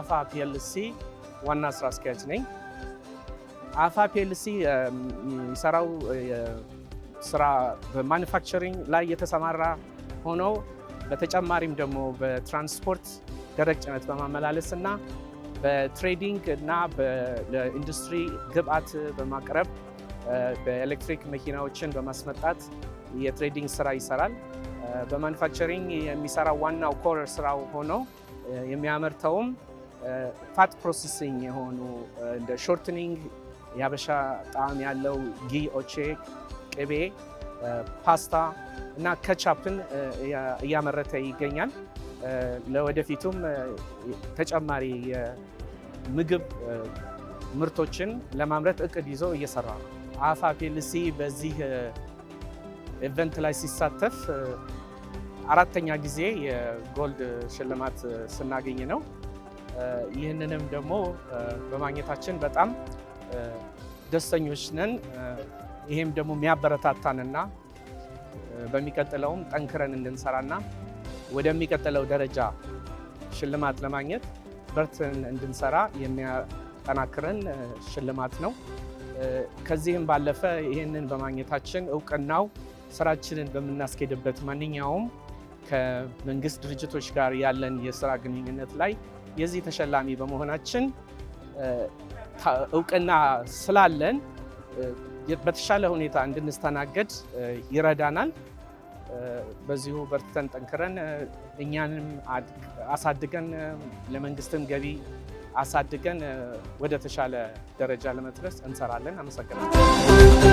አፋ ፒኤልሲ ዋና ስራ አስኪያጅ ነኝ። አፋ ፒኤልሲ የሚሰራው ስራ በማኒፋክቸሪንግ ላይ የተሰማራ ሆኖ በተጨማሪም ደግሞ በትራንስፖርት ደረቅ ጭነት በማመላለስ እና በትሬዲንግ እና ለኢንዱስትሪ ግብአት በማቅረብ በኤሌክትሪክ መኪናዎችን በማስመጣት የትሬዲንግ ስራ ይሰራል። በማኒፋክቸሪንግ የሚሰራው ዋናው ኮር ስራው ሆኖ የሚያመርተውም ፋት ፕሮሰሲንግ የሆኑ እንደ ሾርትኒንግ የሀበሻ ጣዕም ያለው ጊ ኦቼ ቅቤ፣ ፓስታ እና ከቻፕን እያመረተ ይገኛል። ለወደፊቱም ተጨማሪ የምግብ ምርቶችን ለማምረት እቅድ ይዞ እየሰራ ነው። አፋ ፒልሲ በዚህ ኢቨንት ላይ ሲሳተፍ አራተኛ ጊዜ የጎልድ ሽልማት ስናገኝ ነው። ይህንንም ደግሞ በማግኘታችን በጣም ደስተኞች ነን። ይሄም ደግሞ የሚያበረታታንና በሚቀጥለውም ጠንክረን እንድንሰራና ወደሚቀጥለው ደረጃ ሽልማት ለማግኘት በርትን እንድንሰራ የሚያጠናክረን ሽልማት ነው። ከዚህም ባለፈ ይህንን በማግኘታችን እውቅናው ስራችንን በምናስኬድበት ማንኛውም ከመንግስት ድርጅቶች ጋር ያለን የስራ ግንኙነት ላይ የዚህ ተሸላሚ በመሆናችን እውቅና ስላለን በተሻለ ሁኔታ እንድንስተናገድ ይረዳናል። በዚሁ በርትተን ጠንክረን እኛንም አሳድገን ለመንግስትም ገቢ አሳድገን ወደ ተሻለ ደረጃ ለመድረስ እንሰራለን። አመሰግናለሁ።